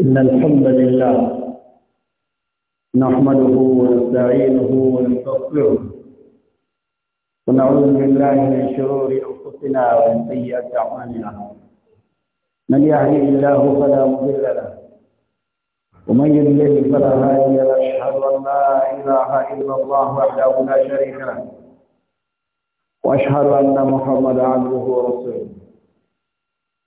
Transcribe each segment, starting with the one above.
إن الحمد لله نحمده ونستعينه ونستغفره ونعوذ بالله من شرور أنفسنا ومن سيئات أعمالنا من يهده الله فلا مضل له ومن يضلل فلا هادي له أشهد أن لا إله إلا الله وحده لا شريك له وأشهد أن محمدا عبده ورسوله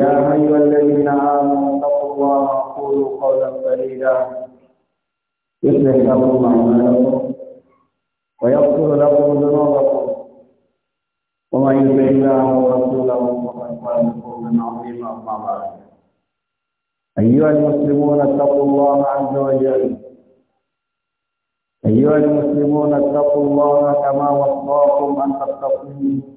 يا أيها الذين آمنوا اتقوا الله وقولوا قولا سديدا يصلح لكم أعمالكم ويغفر لكم ذنوبكم ومن يطع الله ورسوله فقد فاز فوزا عظيما أما بعد أيها المسلمون اتقوا الله عز وجل أيها المسلمون اتقوا الله كما وصاكم أن تتقوه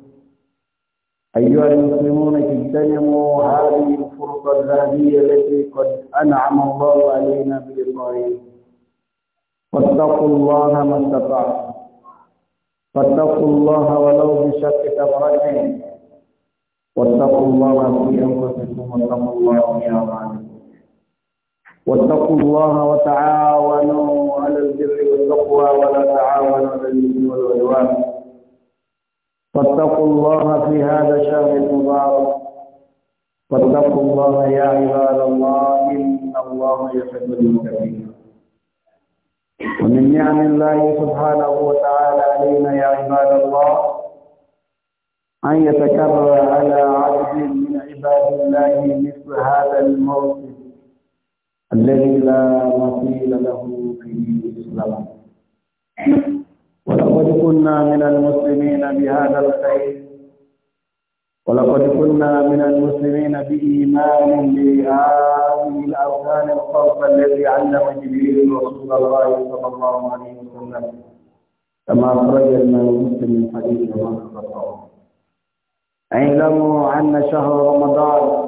أيها المسلمون اجتنبوا هذه الفرصة الذهبية التي قد أنعم الله علينا بإبراهيم فاتقوا الله ما استطعتم فاتقوا الله ولو بشق تمرتين واتقوا الله في أنفسكم واتقوا الله في أعمالكم واتقوا الله وتعاونوا على البر والتقوى ولا تعاونوا على الإثم والعدوان فاتقوا الله في هذا الشهر المبارك فاتقوا الله يا عباد الله إن الله يحب المتقين ومن نعم الله سبحانه وتعالى علينا يا عباد الله أن يتكرر على عبد من عباد الله مثل هذا الموقف الذي لا مثيل له في الإسلام ولقد كنا من المسلمين بهذا الخير ولقد كنا من المسلمين بإيمان بهذه الأركان الخلق التي علم جبريل رسول الله صلى الله عليه وسلم كما أخرج المسلم من حديث عمر بن اعلموا أن شهر رمضان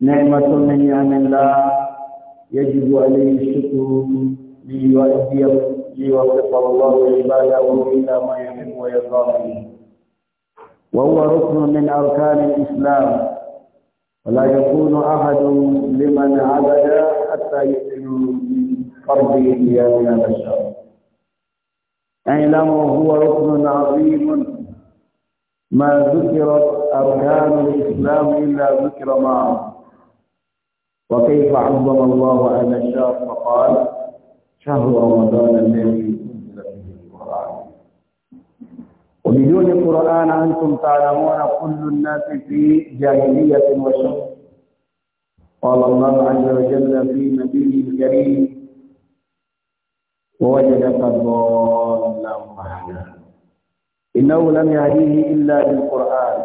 نعمة من نعم الله يجب عليه الشكر ليؤديه ليوفق الله عباده إلى ما يحب ويرضاه وهو ركن من أركان الإسلام ولا يكون أحد لمن عبد حتى يؤمن من فرض قيام هذا الشرع اعلموا هو ركن عظيم ما ذكرت أركان الإسلام إلا ذكر معه وكيف عظم الله هذا الشهر فقال شهر رمضان الذي انزل فيه القران وبدون القران انتم تعلمون كل الناس في جاهليه وشر قال الله عز وجل في نبيه الكريم ووجدك ضالا وحدا انه لم يهديه الا بالقران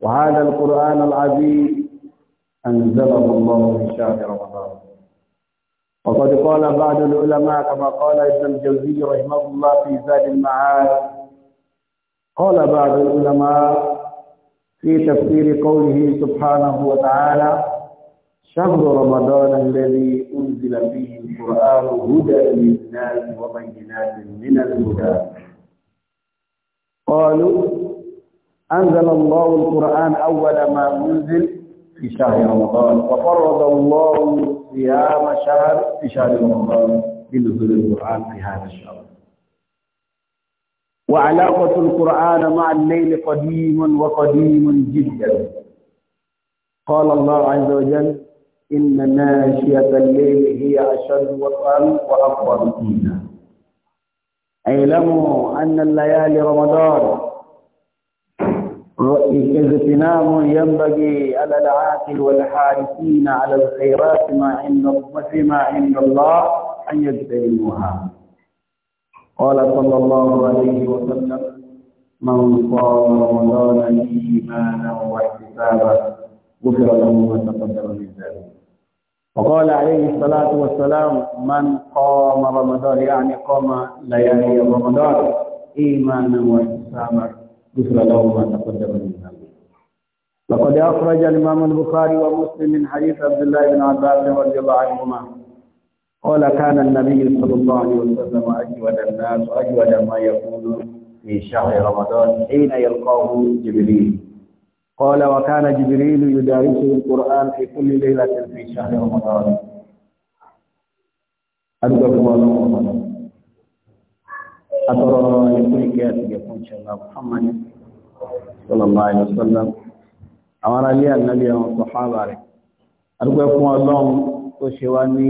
وهذا القران العظيم انزله الله في شهر رمضان وقد قال بعض العلماء كما قال ابن الجوزي رحمه الله في زاد المعاد قال بعض العلماء في تفسير قوله سبحانه وتعالى شهر رمضان الذي أنزل فيه القرآن هدى للناس وبينات من الهدى قالوا أنزل الله القرآن أول ما أنزل في شهر رمضان وفرض الله صيام شهر في شهر رمضان بنزول القرآن في هذا الشهر وعلاقة القرآن مع الليل قديم وقديم جدا قال الله عز وجل إن ناشئة الليل هي أشد وطئا وأكبر قيلا اعلموا أن الليالي رمضان واجتنام ينبغي على العاقل والحارسين على الخيرات ما عند ما عند الله أن يجتنبوها قال صلى الله عليه وسلم من صام رمضان إيمانا واحتسابا غفر له ما تقدم من ذلك وقال عليه الصلاة والسلام من قام رمضان يعني قام ليالي رمضان إيمانا واحتسابا غفر له ما تقدم من ذنبه لقد أخرج الإمام البخاري ومسلم من حديث عبد الله بن عباس رضي الله عنهما قال كان النبي صلى الله عليه وسلم أجود الناس أجود ما يكون في شهر رمضان حين يلقاه جبريل قال وكان جبريل يدارسه القرآن في كل ليلة في شهر رمضان أدركم الله atọrọ ẹkún ìkẹ́ àtìgẹ fún ìṣẹ̀lá sallallahu alaihi wasallam àwọn aráalé ànábì àwọn sọhábà rẹ̀ adúpẹ́ fún Ọlọ́run tó ṣe wá ní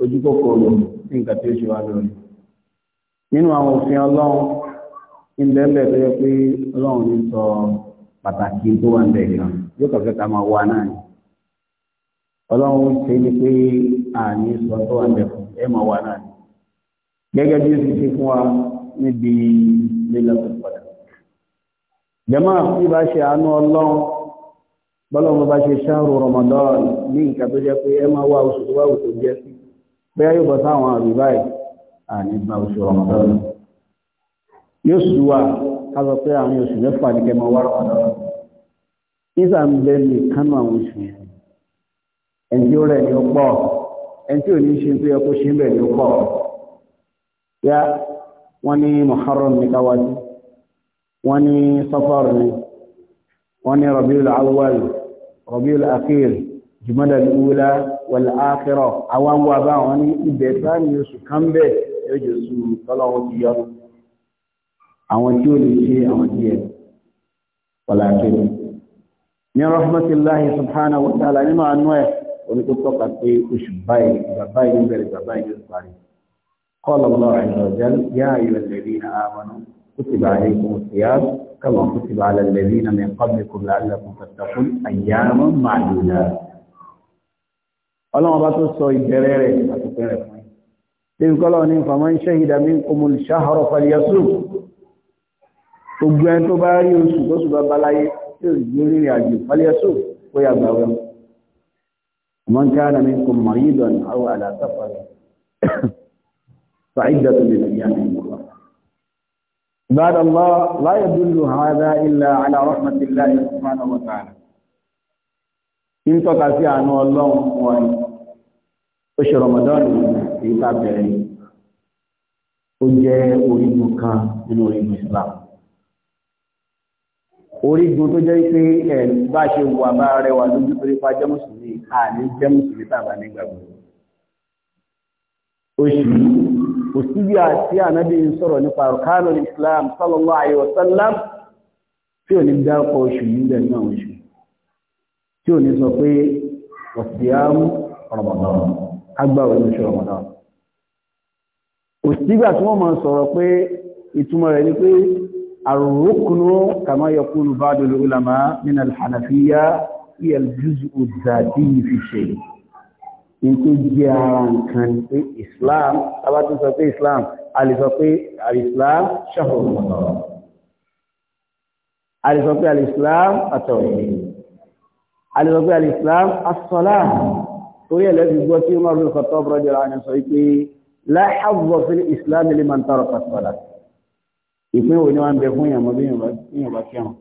ojúkòkòrò ní nǹkan tí ó ṣe wá lórí nínú àwọn òfin Ọlọ́run ní bẹ́ẹ̀ tó yẹ pé Ọlọ́run ní sọ pàtàkì tó wà níbẹ̀ kan yóò kàn fẹ́ máa wá náà ni Ọlọ́run ṣe ni pé àní sọ tó wà níbẹ̀ fún ẹ máa wá náà ni gẹ́gẹ́ bí ó ti ṣe fún wa níbi lílọ́pọ̀ padà. jẹ́mọ́ bí bá ṣe àánú ọlọ́run bọ́lọ́run bá ṣe ṣáàrù Ramadan ní nǹkan tó jẹ́ pé ẹ máa wá oṣù tó wá oṣù jẹ́ sí bẹ́ẹ̀ yóò bọ́ sáwọn àrùn báyìí àní bá oṣù Ramadan yóò sùn wà ká sọ pé àárín oṣù mẹ́fà ní kẹ́ máa wá Ramadan nígbà ń bẹ ní kánú àwọn oṣù yẹn ẹni tí ó rẹ̀ ni ó ẹni tí ò ní ṣe tó yẹ kó ṣe ń bẹ̀ ni ó wọ́n ní muharram ní káwájú wọ́n ní safar ní wọ́n ní rabiul awwal rabiul akhir jumada al-ula wal akhira àwọn wà bá wọn ní ibẹ̀ sáàmì oṣù kan bẹ́ẹ̀ yóò jẹ́ oṣù tọ́lọ́wọ́ ti yọrù àwọn tí ó lè ṣe àwọn díẹ̀ wàlákin ní rahmatullahi subhanahu wa ta'ala nínú àánú ẹ̀ oníkó tọ́ka pé oṣù báyìí bàbá bẹ̀rẹ̀ bàbá yìí parí قال الله عز وجل يا أيها الذين آمنوا كتب عليكم الصيام كما كتب على الذين من قبلكم لعلكم تتقون أياما معدودة. ọlọ́run bá tó sọ ìbẹ̀rẹ̀ rẹ̀ àtúnfẹ́ rẹ̀ fún yín tí kọ́lọ̀ ní faman shahida minkumul shahra falyasum gbogbo ẹni tó bá rí oṣù tó ṣùgbọ́ balaye tí ó gbé rìnrìn àjò falyasum ó yà gbà wẹ́m man kana minkum maridan aw ala safar فعدة من أيام أخرى الله لا يدل هذا إلا على رحمة الله سبحانه وتعالى إن تقاسي عن الله وأن oṣù ramadan èyí tá a bẹ̀rẹ̀ yìí ó jẹ́ orígun kan nínú orígun islam orígun tó jẹ́ pé ẹ̀ bá ṣe wà bá rẹwà lójú torí pa jẹ́ mùsùlùmí àní jẹ́ mùsùlùmí tàbá nígbàgbọ́ oṣù kò síbi àti ànábì ń sọ̀rọ̀ nípa arkanul islam sallallahu alayhi wa sallam tí ò ní dákọ̀ oṣù níbẹ̀ náà oṣù tí ò ní sọ pé wàsíyàmù Ramadan agbáwọ̀ ní oṣù Ramadan kò síbi àti wọ́n máa sọ̀rọ̀ tó jẹ́ ara nǹkan ni pé islam tábàtún sọ pé islam a lè sọ pé alislam ṣàfù a lè sọ pé alislam àtọ̀rẹ̀ a lè sọ pé alislam asọ́lá torí ẹ̀lẹ́bí gbọ́ tí Umar bin Khattab radiyallahu anhu sọ pé la hazza fil islam liman taraka as-salat ìpín òní wa bẹ fún ìyàmọ́ bí ìyàmọ́ bá kẹ́hàn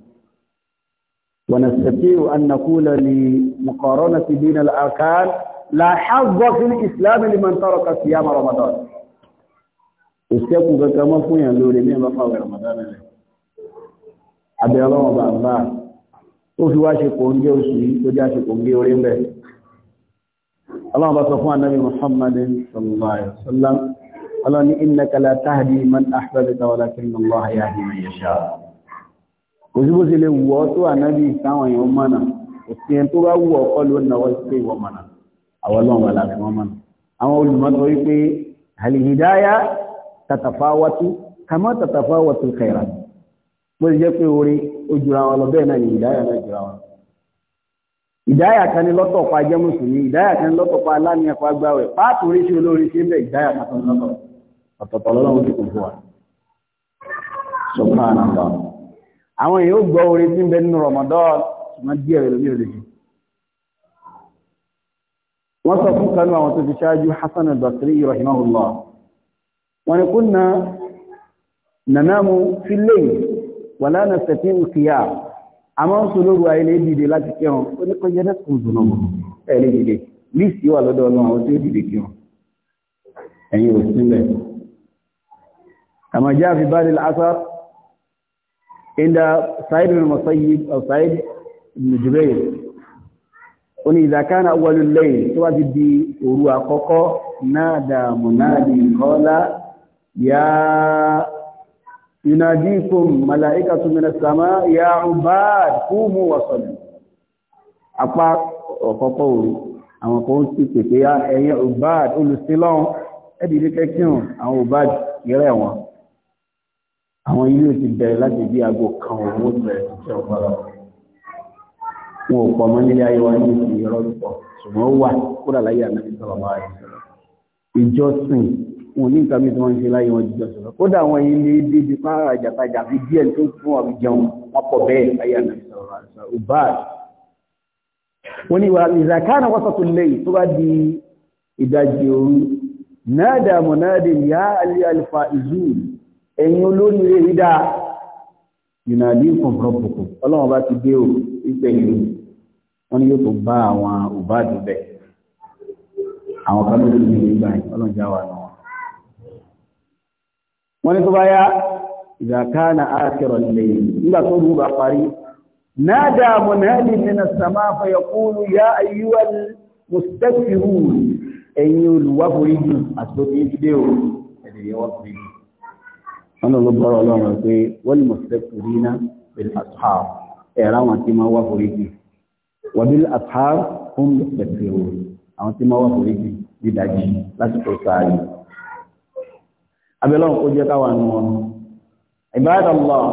ونستطيع أن نقول لمقارنة بين الأركان la hazza fil islam liman taraka siyam ramadan ìṣẹ́kù kankan mọ́ fún yàn lórí ní ọlọ́pàá wẹ̀ ramadan rẹ̀ abẹ́ ọlọ́wọ́n bá bá ó fi wá ṣe kò ń gé oṣù yìí tó já ṣe kò ń gé orí mbẹ́ ọlọ́wọ́n bá sọ fún anábì muhammad sallallahu alaihi wasallam ọlọ́wọ́n ní innaka la tahdi man ahbabta walakinna allah yahdi man yasha kò sí bó ṣe lè wọ́ tó anábì táwọn èèyàn mọ̀nà òsì ẹni tó bá wù ọkọ ló náwó sí ìwọ mọ̀nà àwọn ọlọ́run wà láti wọ́n mọ́nà àwọn olùmọ́tò wípé alìhìdáyà tàtàfáwátú kàmá tàtàfáwátú kẹrà bó ti jẹ́ pé orí ó jura wọn lọ bẹ́ẹ̀ náà ni ìdáyà náà jura wọn. ìdáyà kan ní lọ́tọ̀ pa jẹ́ mùsùlùmí ìdáyà kan ní lọ́tọ̀ pa aláníyàn pa gbáwẹ̀ páàtó oríṣi olórí ṣe ń bẹ ìdáyà kan ní lọ́tọ̀ ọ̀tọ̀ọ̀tọ̀ lọ́lọ́run ti kò fún wa. sọ̀kànà àwọn wọ́n sọ fún kanú àwọn tó fi ṣáájú Hassan al-Basri rahimahullah wọ́n ni kunna nanamu fil layl wala nastati'u qiyam a máa ń sọ lóru ayẹlẹ dìde láti kírun ó ní kọjá náà kò oní ìzàkánà wọlú lẹ́yìn tó wá ti di òru àkọ́kọ́ náà dààmú náà di kọ́lá yá yunadikum malaikatu minas sama ya ubad kumu wasallu apá ọ̀kọ́kọ́ òru àwọn kan ń sì pèpè ya ẹ̀yin ubad olùsílọ́hún wọn ò pọ̀ mọ́ nílé ayé wa ní ìsìn ìrọ́ pọ̀ ṣùgbọ́n ó wà kúrò láyé ànábì sọ̀rọ̀ máa rẹ̀ sọ̀rọ̀ ìjọsìn wọn ní nǹkan mìíràn wọn ń ṣe láyé wọn jíjọ sọ̀rọ̀ kódà wọn yìí lé débi pààrà jàtajà àfi díẹ̀ tó fún ọ̀rọ̀ jẹun wọn pọ̀ bẹ́ẹ̀ láyé ànábì sọ̀rọ̀ máa rẹ̀ sọ̀rọ̀ ọba wọn ni wà ìzàkánà wọ́n sọ̀tún lẹ́yìn tó bá di ìdajì òru náà dààmú náà dè alẹ́ alifa ìzúù ẹ̀yin olórí rẹ̀ pípẹ́ ìlú wọ́n ní yóò tún bá àwọn òbáàdì bẹ̀ àwọn kan lórí ìlú ìgbà yìí ọlọ́njà wà náà wọ́n tó bá yá nígbà tó bá parí náà dààmú náà nínú sàmá yá ayúwà àti tó o wọn ẹ̀rá wọn tí máa wá foríjì wàbíl àtàr fún ìpẹ̀tẹ̀rò àwọn tí máa wá foríjì dídájì lásìkò sáàyè abẹ́lọ́run kó jẹ́ káwà nù wọn Ibadallah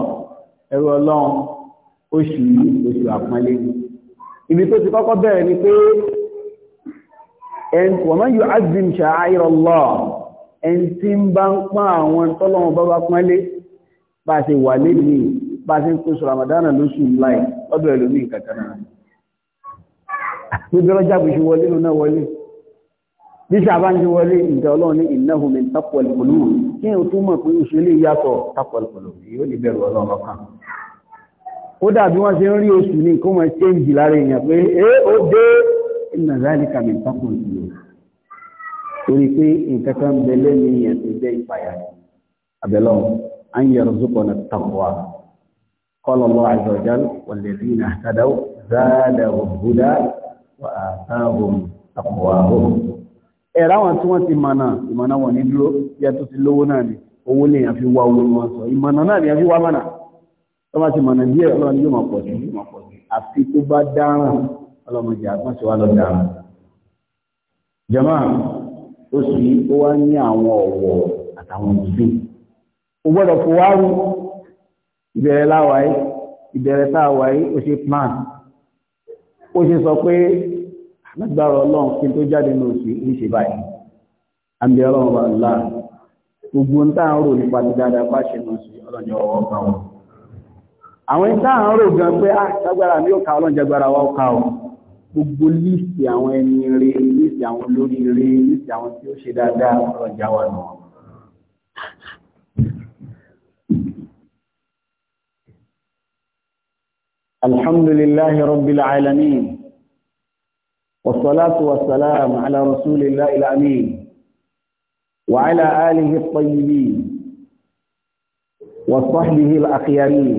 ẹ̀rọ ọlọ́run oṣù oṣù àpọ́nlé ibi tó ti kọ́kọ́ bẹ̀rẹ̀ ni pé wa man yu'azzim sha'airallah ẹni tí ń bá ń pán àwọn tọ́lọ́run bá bá pọ́nlé bá ṣe wà lé nìyí bá ṣe ń pèsè ramadana lóṣù láì ọdọ̀ ẹlòmí ìkàkàrà níbi ọjọ́ àbùṣe wọlé lónà wọlé bí ṣàbá ń ṣe wọlé ìjọ ọlọ́run ní innahu min taqwal qulub kí o túmọ̀ pé òṣèlú yàtọ̀ taqwal qulub yóò ní bẹ̀rù ọlọ́run ọkàn ó dàbí wọ́n ṣe ń rí oṣù ní kó wọ́n ṣe ń jì lára èèyàn pé é kan قال الله عز وجل والذين اهتدوا زادهم هدى وآتاهم تقواهم ẹ̀rọ àwọn tí wọ́n ti mọ̀nà ìmọ̀nà wọn ní dúró yẹ tó ti lówó náà ni owó lè yàn fi wá olórí wọn sọ ìmọ̀nà náà ni yàn fi wá mọ̀nà tó bá ti mọ̀nà díẹ̀ ọlọ́run yóò máa pọ̀ sí yóò máa pọ̀ sí àfi tó bá dáràn ọlọ́run jẹ́ àgbọ̀n sí wa lọ dáràn. jama oṣù yìí ó wá ní àwọn ọ̀wọ̀ àtàwọn òbí o gbọ́dọ̀ fowárú ìbẹ̀rẹ̀ láwàáyé ìbẹ̀rẹ̀ táwàáyé ó ṣe plan ó ṣe sọ pé lágbára ọlọ́run kí n tó jáde ní oṣù ń ṣe báyìí àmì ọlọ́run bá ńlá gbogbo ń táà ń rò nípa ti dáadáa bá ṣe nà sí ọlọ́jọ́ ọwọ́ kan wọn àwọn táà ń rò gan pé lágbára ah, mi ò ka ọlọ́jàgbára wa ó ka ọ gbogbo líìsì àwọn ẹni rere líìsì àwọn olórí rere líìsì àwọn tí ó ṣe dáadáa ọlọ́jà wà náà الحمد لله رب العالمين والصلاة والسلام على رسول الله الأمين وعلى آله الطيبين وصحبه الأخيارين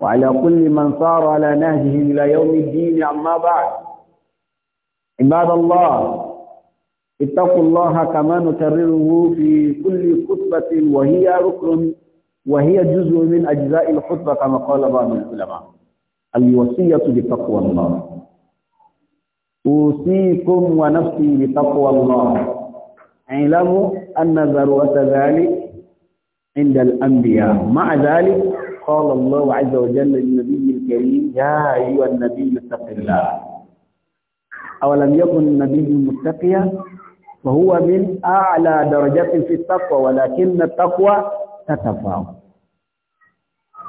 وعلى كل من صار على نهجه إلى يوم الدين أما بعد عباد الله اتقوا الله كما نكرره في كل خطبة وهي ركن وهي جزء من أجزاء الخطبة كما قال بعض العلماء الوصية بتقوى الله أوصيكم ونفسي بتقوى الله اعلموا أن ذروة ذلك عند الأنبياء مع ذلك قال الله عز وجل للنبي الكريم يا أيها النبي اتق الله أولم يكن النبي متقيا فهو من أعلى درجات في التقوى ولكن التقوى تتفاوت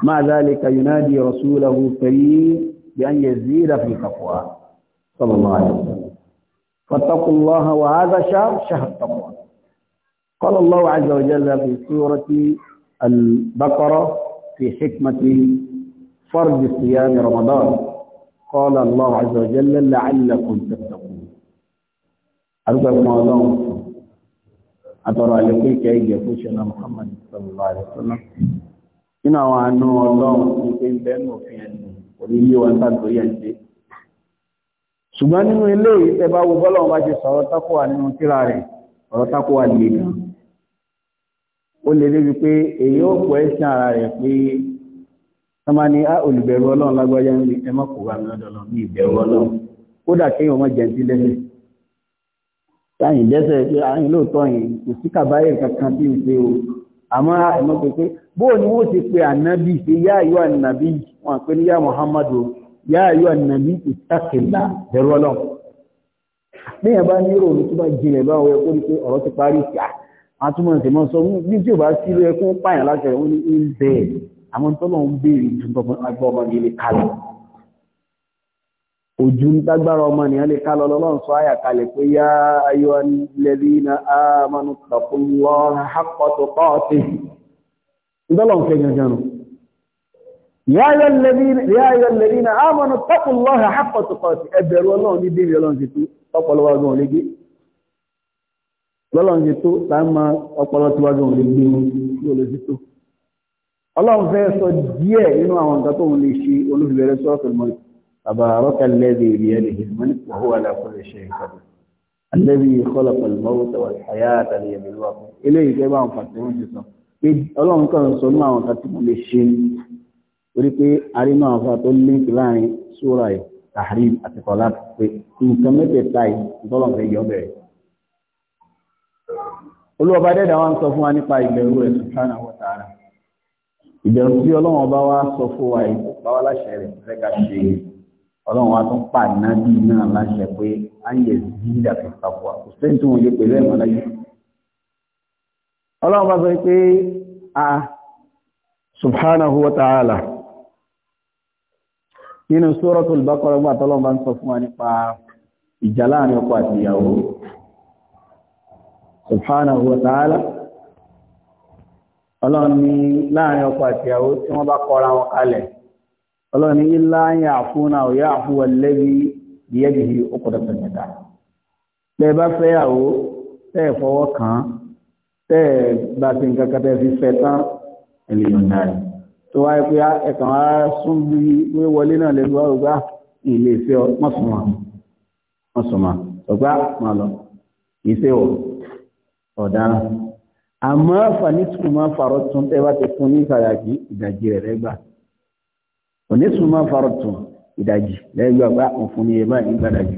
مع ذلك ينادي رسوله الكريم بأن يزيد في تقواه صلى الله عليه وسلم فاتقوا الله وهذا شهر شهر التقوى قال الله عز وجل في سورة البقرة في حكمة فرض صيام رمضان قال الله عز وجل لعلكم تتقون أرجو رمضان أترى لكي كي فوشنا محمد صلى الله عليه وسلم nínú àwọn àánú ọlọ́run ní pé ń bẹ́nu òfin ẹ̀nù orí ilé wọn tàbí yẹn ṣe ṣùgbọ́n nínú ilé ìtẹ́bá wo bọ́lọ́run bá ṣe sọ̀rọ̀ tákùwà nínú tíra rẹ̀ ọ̀rọ̀ tákùwà lè gan ó lè débi pé èyí ó pọ̀ ẹ̀sìn ara rẹ̀ pé sọ́mà ní á olùbẹ̀rù ọlọ́run lágbájá ń rí ẹmọ́ kò wà lọ́dọ̀ ní ìbẹ̀rù ọlọ́run kódà kéèyàn mọ́ jẹun bóò ni wọ́n ti pe ànábì ṣe yá ayọ́ ànábì wọn pé ní yá muhammadu yá ayọ́ ànábì ìtàkìlá ẹ̀rọ ọlọ́run ní ẹ̀bá ní ìròyìn tó bá jinlẹ̀ bá wọ ẹkọ́ ní pé ọ̀rọ̀ ti parí àtúmọ̀ sọ ní tí ò bá sí ẹkún pààyàn láti ẹ̀wọ́n ní ilẹ̀ àwọn ń béèrè ojú dágbára ọmọ na amanu taqullah ìdọ́lọ̀ ń fẹ́ gangan الذين يا الذين آمنوا اتقوا الله حق تقاته ẹbẹ̀rù Ọlọ́run ní bíbí Ọlọ́run ti tó ọpọlọ wa gan lè gbé lọ́lọ́run ti tó tá máa ọpọlọ tí wa gan lè gbé ní olè ti tó fẹ́ sọ díẹ̀ nínú àwọn nǹkan tóun lè ṣe olùfìbẹ̀rẹ̀ sọ́ọ̀tù mọ́ تبارك الذي بيده الملك وهو على كل شيء قدير الذي خلق الموت والحياة ليبلوكم إليه كيف أنفسهم ọlọ́run kan sọ nínú àwọn kan tí mo lè ṣe torí pé arínú àwọn tó link láàrin sóra ẹ̀ tahrim àti kọlá pé nǹkan mẹ́tẹ̀ẹ̀ta yìí ìtọ́lọ̀ fẹ́ yọ bẹ̀rẹ̀. olúwọba dẹ́dà wa ń sọ fún wa nípa ìbẹ̀rù rẹ̀ subhanahu wa ìbẹ̀rù tí sọ fún wa yìí bá láṣẹ rẹ̀ fẹ́ ká ṣe wa tún ọlọ́run bá sọ pé a subhanahu wa ta'ala nínú suratul Baqara gbà tọ́lọ́run bá ń sọ fún wa nípa ìjà láàrin ọkọ àti ìyàwó subhanahu wa ta'ala ọlọ́run ní láàrin ọkọ àti ìyàwó tí wọ́n bá kọra tẹ́ ẹ̀ bá ti nǹkan kan tẹ́ fi fẹ́ tán ẹ̀lẹ́yìn náà rẹ̀ tó wáyé pé ah, ẹ̀kàn á sún bí wé wọlé náà lẹ́nu wá ògbà ilé ìfẹ́ mọ̀sùnmá mọ̀sùnmá ọ̀gbà máa lọ ìfẹ́ ọ̀ ọ̀daràn àmọ́ fanituma farọ́ tún tẹ́ bá ti fún ní ìsàyàkí ìdajì rẹ̀ lẹ́gbà onítùmá farọ́ tún ìdajì lẹ́gbà bá òfin ah, ní ẹ̀ báyìí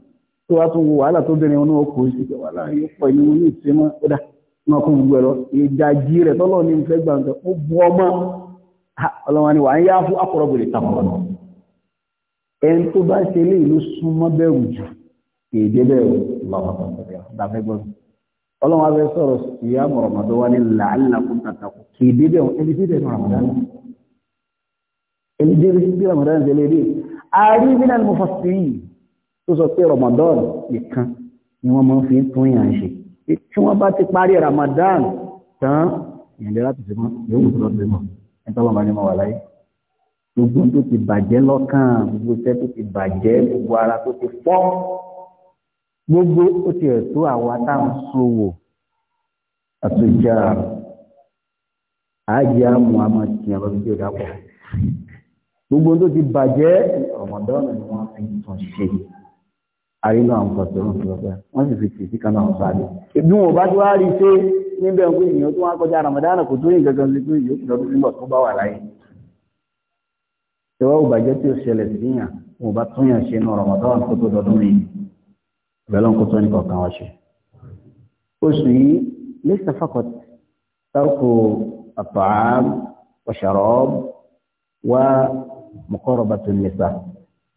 tó wá tún wàhálà tó bẹ̀rẹ̀ wọn náà kò sí pé wàhálà yóò pọ̀ ní wọn ní ìsinmi kódà wọn kò gbogbo ẹ̀ lọ ìdajì rẹ̀ tọ́lọ̀ ní ìfẹ́ gbàǹtẹ̀ ó bu ọmọ ọlọ́wọ́n ni wà ń yá fún akọ̀rọ̀bìrì takọ̀rọ̀ ẹni tó bá ṣe lé ìlú súnmọ́ bẹ̀rù jù kéde bẹ̀rù ọlọ́wọ́n abẹ́ sọ̀rọ̀ ìyá mọ̀rọ̀mọ́dọ́ tó sọ pé Ramadan nìkan ni wọ́n máa ń fi tún yàn ṣe tí wọ́n bá ti parí Ramadan tán ìyànjẹ́ láti ṣe mọ́ yóò wù lọ́dún mọ́ ẹni tó bá máa ní mọ́ wà láyé gbogbo tó ti bàjẹ́ lọ́kàn gbogbo iṣẹ́ tó ti bàjẹ́ gbogbo ara tó ti fọ́ gbogbo ó ti ẹ̀ tó àwa tá à ń sòwò àtúnjà àjẹ́ àmú àmọ́ tìǹyà lọ́dún tí ó dà pọ̀ gbogbo tó ti bàjẹ́ Ramadan ni wọ́n fi tàn ṣe àrínà àwọn pàtàkì lọ́pẹ́ wọ́n sì fi tì sí kan náà sáré ìdún ò bá tí wá rí ṣe níbẹ̀ ń pè èèyàn tó wá kọjá Ramadan kò tó yìn gangan sí pé yóò lọ́dún sílọ̀ tó bá wà láyé ṣẹwọ́ ò bàjẹ́ ó ṣẹlẹ̀ sí yàn ò bá tún yàn ṣe nù Ramadan kó tó dọdún mi ìbẹ̀lọ́ tó ní kọ̀ọ̀kan wá ṣe oṣù yìí lẹ́sà faqat tarku at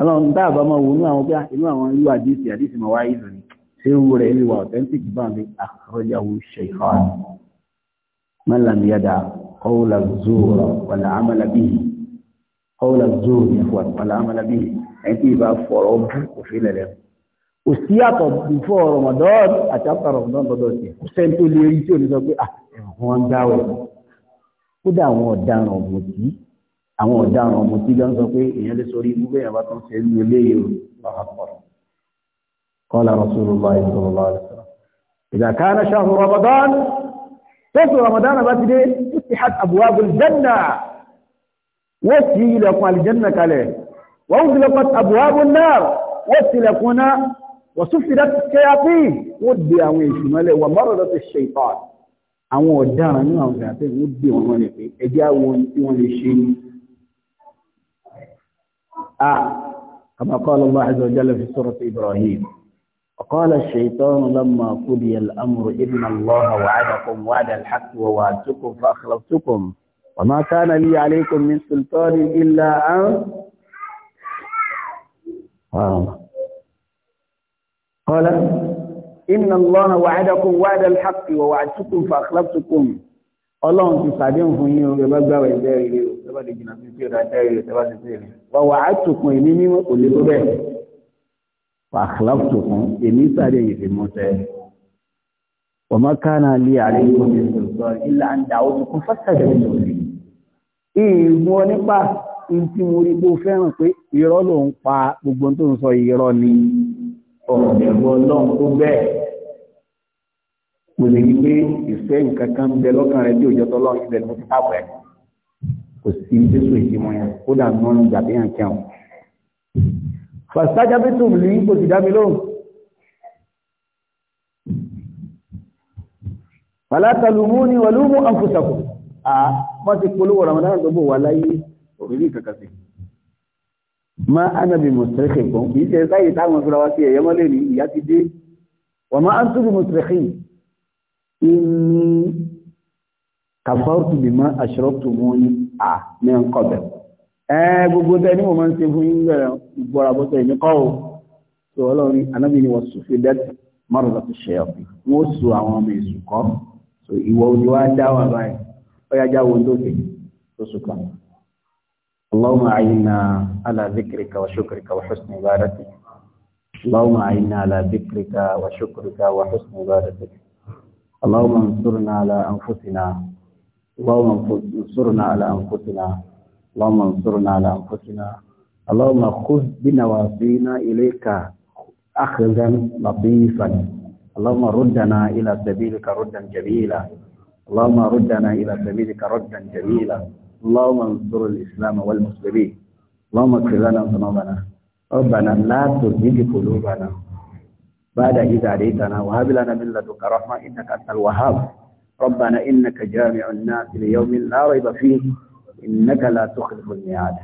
ọlọ́run dáàbà máa wò ní àwọn pé ah, inú àwọn irú àdìsí àdìsí máa wáyé ìlú ni ṣé ń rẹ̀ ìwà authentic bá mi àkọjáwó ṣe ìfọ́n mẹ́làmì yàdà kọ́wùlà zòòrò wàlà àmàlà bíi kọ́wùlà zòòrò ìfọ̀ wàlà àmàlà bíi ẹni tí ìbá fọ̀rọ̀ bú òfin lẹ̀lẹ̀ kò sí àtọ̀ àwọn ọ̀daràn ọmọ tí gan sọ pé èèyàn lè sọrí ibú bẹ́ẹ̀ bá tún ṣe ń lé yòó lọ́hàpọ̀rọ̀ kọ́lá rasulullah sallallahu alaihi wasallam idha kana shahru ramadan tẹ́sù ramadan bá ti dé futihat abwabul janna wọ́n sì ilẹ̀kùn aljanna kalẹ̀ wọ́n sì lọ́pọ̀ abwabun nar wọ́n sì ilẹ̀kùn náà wọ́n sì آه. كما قال الله عز وجل في سورة إبراهيم وقال الشيطان لما قضي الأمر إن الله وعدكم وعد الحق ووعدتكم فأخلصتكم وما كان لي عليكم من سلطان إلا أن آه. قال إن الله وعدكم وعد الحق ووعدتكم فأخلصتكم ọlọ́run ti sàdéhùn fún yín orí ẹgbẹ́gbẹ́wẹ̀ ẹgbẹ́ rere o tẹ́bá lè jìnà sí sí ọ̀dà ẹgbẹ́ rere tẹ́bá ti sí rere wà wà á tukùn èmi ní òlé tó bẹ́ẹ̀ wà àkàlàfù tukùn èmi sàdéhùn yìí fi mú tẹ́ wọ́n má lé àlẹ́ ìkọ́ mi sọ̀tọ̀ ilà ń dà ó tukùn fásitì mi lò sí. nípa ìtì mo rí pé fẹ́ràn pé irọ́ ló ń pa gbogbo tó ń sọ irọ́ ni ọ̀rọ̀ kò lè ní pé ìfẹ́ nǹkan kan ń bẹ lọ́kàn rẹ bí òjò tọ́lọ́ ìbẹ̀ ló ti tàbọ̀ ẹ̀ kò sí jésù ìdìmọ̀ yẹn kó dà nù ọ́nù jàbí hàn kẹ́hùn. fàṣájà bí tùm ní kò sì dá mi lóhùn. fàlátàlùmú ni wàlúùmù àǹfùsàkù à wọ́n ti polówó ramadan tó bò wá láyé òrìrí kankan sí. má anabi mùsùlùmí kan kì í ṣe sáyé táwọn fúnra wá sí ẹ̀yẹ́mọ́lẹ́ ni ìyá ti dé wàmọ́ àǹtúrì mùsùlùmí inni kafartu bima ashraktumuni a ní nkọbẹ ẹ gbogbo tẹ ní mo máa ń ṣe fún yín bẹ̀rẹ̀ gbọ́ra bọ́sẹ̀ èmi kọ́ o tó ọlọ́run anábì ni wọ́n sùn fi dẹ́tì márùn láti ṣe ọ̀pẹ wọ́n sùn àwọn ọmọ èṣù kọ́ tó ìwọ ojú wa dá wà báyìí ó yá já wo tó tó sùn kàn. اللهم أعنا على ذكرك وشكرك وحسن عبادتك اللهم أعنا على ذكرك وشكرك وحسن عبادتك اللهم انصرنا على أنفسنا اللهم انصرنا على أنفسنا اللهم انصرنا على أنفسنا اللهم خذ بنواصينا إليك أخذا لطيفا اللهم ردنا إلى سبيلك ردا جميلا اللهم ردنا إلى سبيلك ردا جميلا اللهم انصر الإسلام والمسلمين اللهم اغفر لنا ذنوبنا ربنا لا تزغ قلوبنا بعد إذا هديتنا وهب لنا من لدنك رحمة إنك أنت الوهاب ربنا إنك جامع الناس ليوم لا ريب فيه إنك لا تخلف الميعاد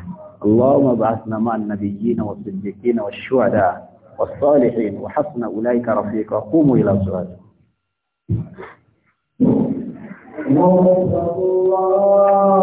اللهم بعثنا مع النبيين والصديقين والشهداء والصالحين وحسن أولئك رفيقا قوموا إلى الصلاة الله